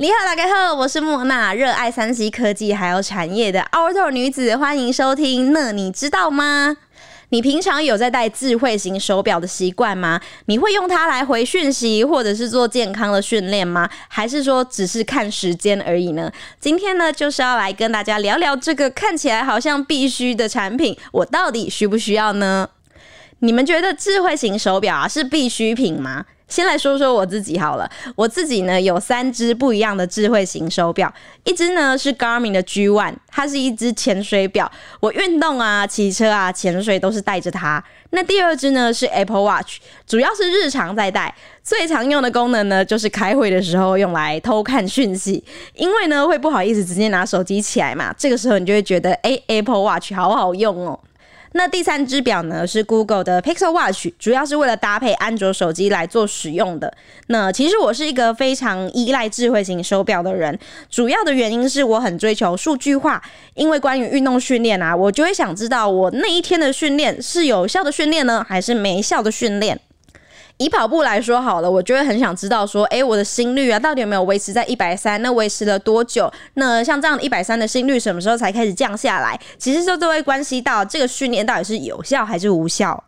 你好，大家好，我是莫娜，熱愛 3C 科技還有產業的 Outdoor 女子，歡迎收聽。那你知道嗎？你平常有在戴智慧型手錶的習慣嗎？你會用它來回訊息，或者是做健康的訓練嗎？還是說只是看時間而已呢？今天呢，就是要來跟大家聊聊這個看起來好像必須的產品，我到底需不需要呢？你們覺得智慧型手錶啊是必需品嗎？先來說說我自己好了，我自己呢，有三支不一樣的智慧型手錶，一支呢，是 Garmin 的 G One，它是一支潛水錶，我運動啊、騎車啊、潛水都是帶着它。那第二支呢，是 Apple Watch，主要是日常在戴，最常用的功能呢，就是開會的時候用來偷看訊息，因為呢會不好意思直接拿手機起來嘛，這個時候你就會覺得欸，Apple Watch 好好用哦。那第三隻錶呢是 Google 的 Pixel Watch，主要是為了搭配安卓手機來做使用的。那其實我是一個非常依賴智慧型手錶的人，主要的原因是我很追求數據化，因為關於運動訓練啊，我就會想知道我那一天的訓練是有效的訓練呢，還是沒效的訓練。以跑步來說好了，我就會很想知道說，哎、欸，我的心率啊，到底有沒有維持在一百三？那維持了多久？那像這樣一百三的心率，什麼時候才開始降下來？其實就都會關係到這個訓練到底是有效還是無效。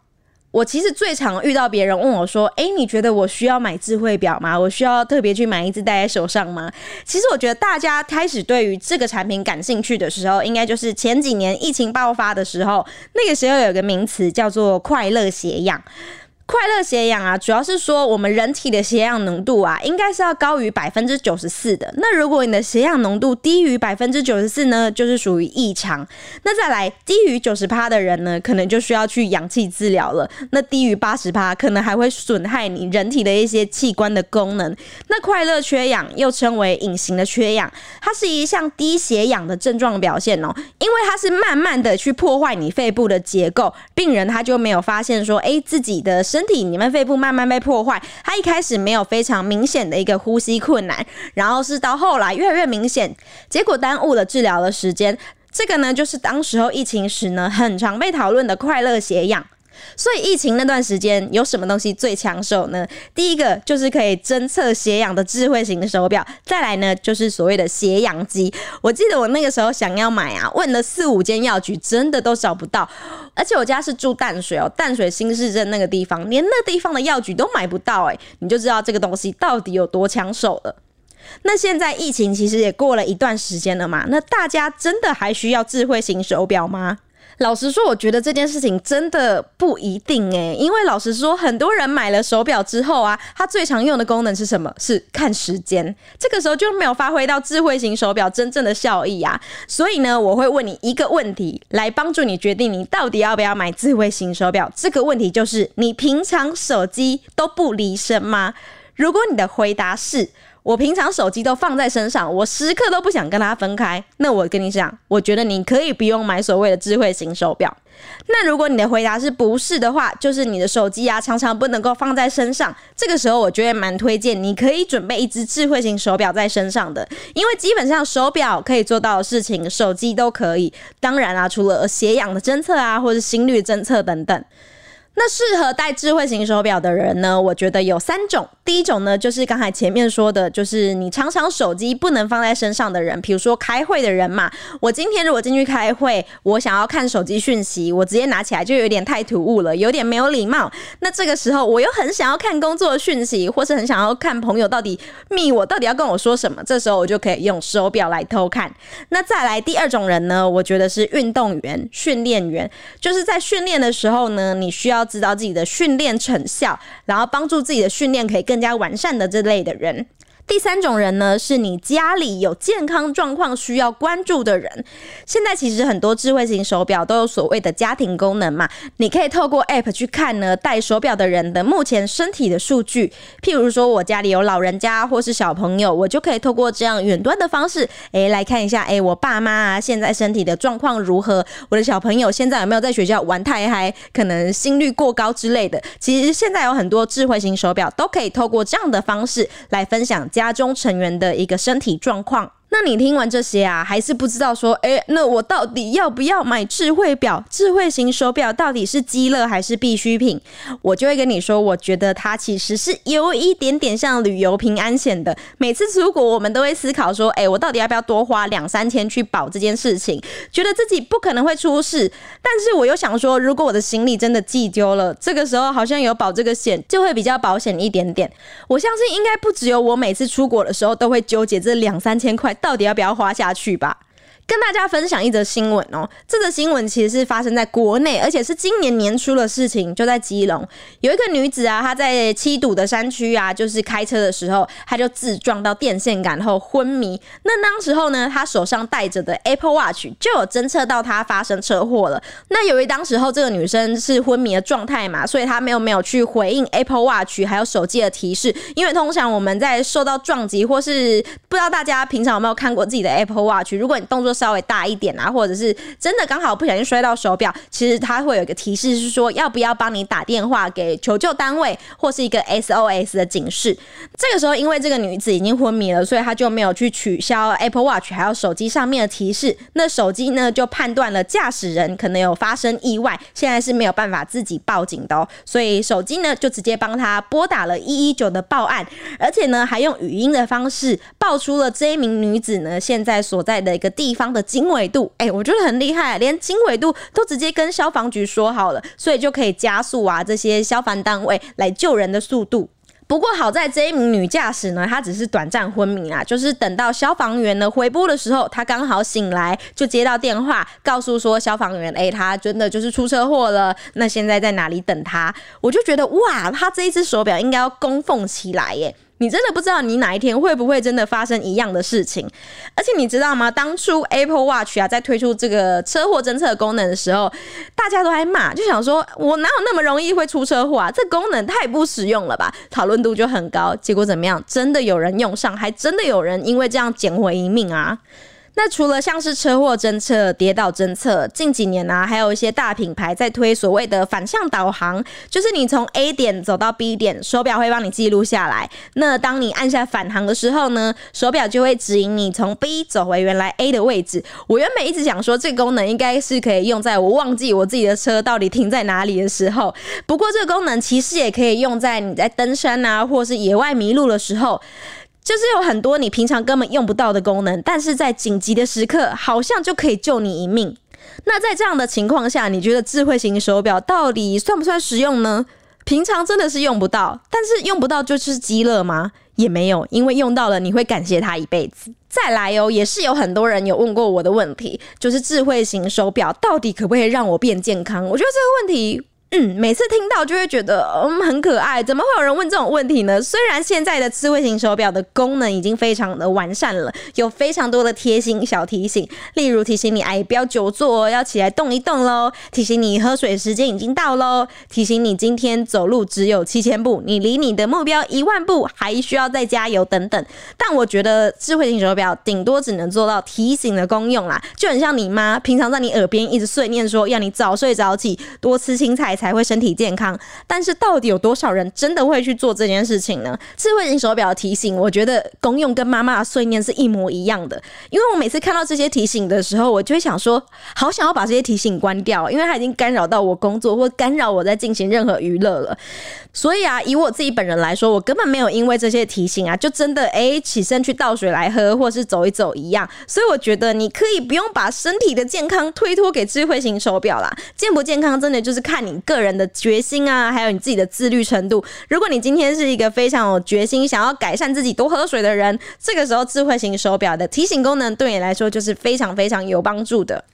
我其實最常遇到別人問我說，哎、欸，你覺得我需要買智慧表嗎？我需要特別去買一只戴在手上嗎？其實我覺得大家開始對於這個產品感興趣的時候，應該就是前幾年疫情爆發的時候。那個時候有個名詞叫做快“快樂血氧快樂血氧啊，主要是說我們人體的血氧濃度啊，應該是要高於百分之九十四的。那如果你的血氧濃度低於百分之九十四呢，就是屬於異常。那再來低於九十趴的人呢，可能就需要去氧氣治療了。那低於八十趴，可能還會損害你人體的一些器官的功能。那快樂缺氧又稱為隱形的缺氧，它是一項低血氧的症狀表現哦、喔，因為它是慢慢的去破壞你肺部的結構，病人他就沒有發現說，哎、欸，自己的身。身體，你們肺部慢慢被破壞，他一開始沒有非常明顯的一個呼吸困難，然後是到後來越來越明顯，結果耽誤了治療的時間。這個呢，就是當時候疫情時呢，很常被討論的“快樂缺氧”。所以疫情那段時間有什麼東西最搶手呢？第一個就是可以偵測血氧的智慧型手錶，再來呢就是所謂的血氧機。我記得我那個時候想要買啊，問了四五間藥局，真的都找不到。而且我家是住淡水哦、喔，淡水新市鎮那個地方，連那個地方的藥局都買不到、欸，誒，你就知道這個東西到底有多搶手了。那現在疫情其實也過了一段時間了嘛，那大家真的還需要智慧型手錶嗎？老實說，我覺得這件事情真的不一定欸，因為老實說，很多人買了手錶之後啊，他最常用的功能是什麼？是看時間。這個時候就沒有發揮到智慧型手錶真正的效益啊。所以呢，我會問你一個問題，來幫助你決定你到底要不要買智慧型手錶。這個問題就是：你平常手機都不離身嗎？如果你的回答是，我平常手機都放在身上，我時刻都不想跟它分開。那我跟你講，我覺得你可以不用買所謂的智慧型手錶。那如果你的回答是不是的話，就是你的手機啊常常不能夠放在身上。這個時候，我覺得蠻推薦你可以準備一只智慧型手表在身上的，因為基本上手表可以做到的事情，手機都可以。當然啊，除了血氧的偵測啊，或者心率偵測等等。那適合戴智慧型手錶的人呢？我覺得有三種。第一種呢，就是剛才前面說的，就是你常常手機不能放在身上的人，比如說開會的人嘛。我今天如果進去開會，我想要看手機訊息，我直接拿起來就有點太突兀了，有點沒有禮貌。那這個時候，我又很想要看工作訊息，或是很想要看朋友到底密我到底要跟我說什麼，這時候我就可以用手錶來偷看。那再來第二種人呢，我覺得是運動員、訓練員，就是在訓練的時候呢，你需要。要知道自己的訓練成效，然後幫助自己的訓練可以更加完善的這類的人。第三種人呢，是你家裡有健康狀況需要關注的人。現在其實很多智慧型手錶都有所謂的家庭功能嘛，你可以透過 App 去看呢，戴手錶的人的目前身體的數據。譬如說我家裡有老人家或是小朋友，我就可以透過這樣遠端的方式，欸，來看一下，欸，我爸媽啊，現在身體的狀況如何？我的小朋友現在有沒有在學校玩太嗨，可能心率過高之類的。其實現在有很多智慧型手錶都可以透過這樣的方式來分享。家中成員的一個身體狀況。那你聽完這些啊，還是不知道說，誒、欸，那我到底要不要買智慧錶、智慧型手錶？到底是雞肋還是必需品？我就會跟你說，我覺得它其實是有一點點像旅遊平安險的。每次出國，我們都會思考說，誒、欸，我到底要不要多花兩三千去保這件事情？覺得自己不可能會出事，但是我又想說，如果我的行李真的寄丟了，這個時候好像有保這個險，就會比較保險一點點。我相信，應該不只有我，每次出國的時候都會糾結這兩三千塊，到底要不要花下去吧？跟大家分享一則新聞喔，這則新聞其實是發生在國內，而且是今年年初的事情，就在基隆有一個女子啊，她在七堵的山區啊，就是開車的時候，她就自撞到電線桿後昏迷。那當時候呢，她手上戴着的 Apple Watch 就有偵測到她發生車禍了。那由於當時候這個女生是昏迷的狀態嘛，所以她沒有沒有去回應 Apple Watch 還有手機的提示。因為通常我們在受到撞擊或是不知道大家平常有沒有看過自己的 Apple Watch，如果你動作，稍微大一點啊，或者是真的剛好不小心摔到手錶，其實它會有一個提示，是說要不要幫你打電話給求救單位或是一個 SOS 的警示。這個時候，因為這個女子已經昏迷了，所以他就沒有去取消 Apple Watch 還有手機上面的提示。那手機呢，就判斷了駕駛人可能有發生意外，現在是沒有辦法自己報警的哦、喔，所以手機呢就直接幫他撥打了一一九的報案，而且呢還用語音的方式報出了這一名女子呢現在所在的一個地方。的經緯度，哎、欸，我覺得很厲害啊，連經緯度都直接跟消防局說好了，所以就可以加速啊這些消防單位來救人的速度。不過好在這一名女駕駛呢，她只是短暫昏迷啊，就是等到消防員呢回撥的時候，她剛好醒來，就接到電話，告訴說消防員，哎、欸，她真的就是出車禍了，那現在在哪裡等她？我就覺得哇，她這一支手錶應該要供奉起來耶。你真的不知道你哪一天會不會真的發生一樣的事情，而且你知道嗎？當初 Apple Watch 啊在推出這個車禍偵測功能的時候，大家都還罵，就想說我哪有那麼容易會出車禍啊？這功能太不實用了吧？討論度就很高。結果怎麼樣？真的有人用上，還真的有人因為這樣撿回一命啊！那除了像是車禍偵測、跌倒偵測，近幾年呢、啊，還有一些大品牌在推所謂的反向導航，就是你從 A 點走到 B 點，手表會幫你記錄下來。那當你按下返航的時候呢，手表就會指引你從 B 走回原來 A 的位置。我原本一直想說，這個功能應該是可以用在我忘記我自己的車到底停在哪裡的時候。不過，這個功能其實也可以用在你在登山啊，或是野外迷路的時候。就是有很多你平常根本用不到的功能，但是在緊急的時刻，好像就可以救你一命。那在這樣的情況下，你覺得智慧型手錶到底算不算實用呢？平常真的是用不到，但是用不到就是雞肋嗎？也沒有，因為用到了你會感謝它一輩子。再來哦，也是有很多人有問過我的問題，就是智慧型手錶到底可不可以讓我變健康？我覺得這個問題。嗯，每次聽到就會覺得嗯很可愛，怎麼會有人問這種問題呢？雖然現在的智慧型手錶的功能已經非常的完善了，有非常多的貼心小提醒，例如提醒你哎不要久坐哦，要起來動一動嘍；提醒你喝水時間已經到嘍；提醒你今天走路只有七千步，你離你的目標一萬步還需要再加油等等。但我覺得智慧型手錶頂多只能做到提醒的功用啦，就很像你媽平常在你耳邊一直碎念說要你早睡早起，多吃青菜，才會身體健康，但是到底有多少人真的會去做這件事情呢？智慧型手錶提醒，我覺得功用跟媽媽的碎念是一模一樣的。因為我每次看到這些提醒的時候，我就會想說，好想要把這些提醒關掉，因為它已經干擾到我工作，或干擾我在進行任何娛樂了。所以啊，以我自己本人來說，我根本沒有因為這些提醒啊，就真的哎、欸、起身去倒水來喝，或是走一走一樣。所以我覺得，你可以不用把身體的健康推脫給智慧型手錶啦，健不健康真的就是看你個人的決心啊，還有你自己的自律程度。如果你今天是一個非常有決心、想要改善自己多喝水的人，這個時候智慧型手錶的提醒功能對你來說就是非常非常有幫助的。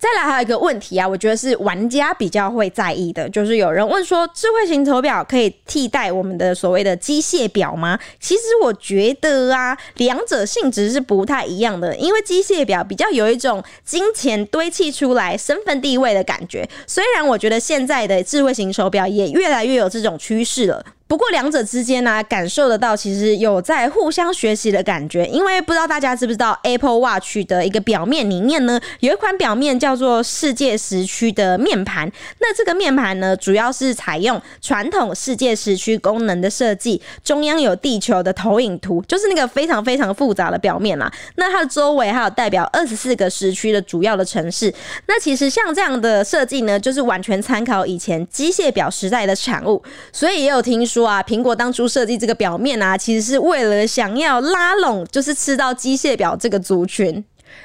再來還有一個問題啊，我覺得是玩家比較會在意的，就是有人問說，智慧型手錶可以替代我們的所謂的機械錶嗎？其實我覺得啊，兩者性質是不太一樣的，因為機械錶比較有一種金錢堆砌出來、身份地位的感覺。雖然我覺得現在的智慧型手錶也越來越有這種趨勢了。不過兩者之間呢、啊，感受得到其實有在互相學習的感覺，因為不知道大家知不知道 Apple Watch 的一個錶面裡面呢，有一款錶面叫做世界時區的面盤。那這個面盤呢，主要是採用傳統世界時區功能的設計，中央有地球的投影圖，就是那個非常非常複雜的錶面嘛、啊。那它的周圍還有代表二十四個時區的主要的城市。那其實像這樣的設計呢，就是完全參考以前機械錶時代的產物，所以也有聽說。啊，蘋果當初設計這個錶面啊，其實是為了想要拉攏，就是吃到機械錶這個族群。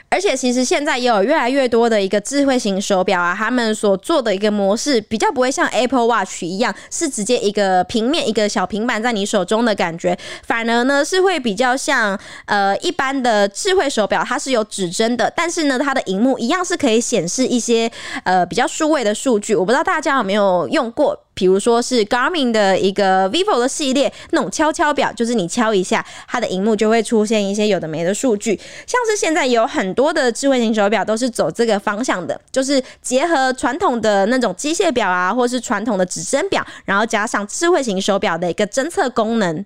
而且，其實現在也有越來越多的一個智慧型手錶啊，他們所做的一個模式，比較不會像 Apple Watch 一樣，是直接一個平面一個小平板在你手中的感覺，反而呢是會比較像呃一般的智慧手錶，它是有指針的，但是呢它的熒幕一樣是可以顯示一些呃比較數位的數據。我不知道大家有沒有用過。比如說是 Garmin 的一個 Vivo 的系列，那種敲敲錶，就是你敲一下，它的螢幕就會出現一些有的沒的數據。像是現在有很多的智慧型手錶都是走這個方向的，就是結合傳統的那種機械錶啊，或是傳統的指針錶，然後加上智慧型手錶的一個偵測功能。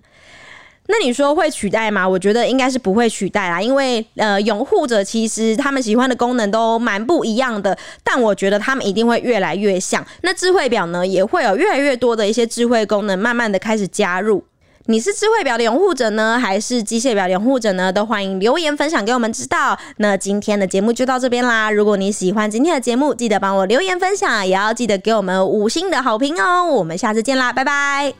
那你說會取代嗎？我覺得應該是不會取代啦，因為呃，擁護者其實他們喜歡的功能都蠻不一樣的，但我覺得他們一定會越來越像。那智慧錶呢，也會有越來越多的一些智慧功能，慢慢的開始加入。你是智慧錶的擁護者呢，還是機械錶的擁護者呢？都歡迎留言分享給我們知道。那今天的節目就到這邊啦。如果你喜歡今天的節目，記得幫我留言分享，也要記得給我們五星的好評哦。我們下次見啦，拜拜。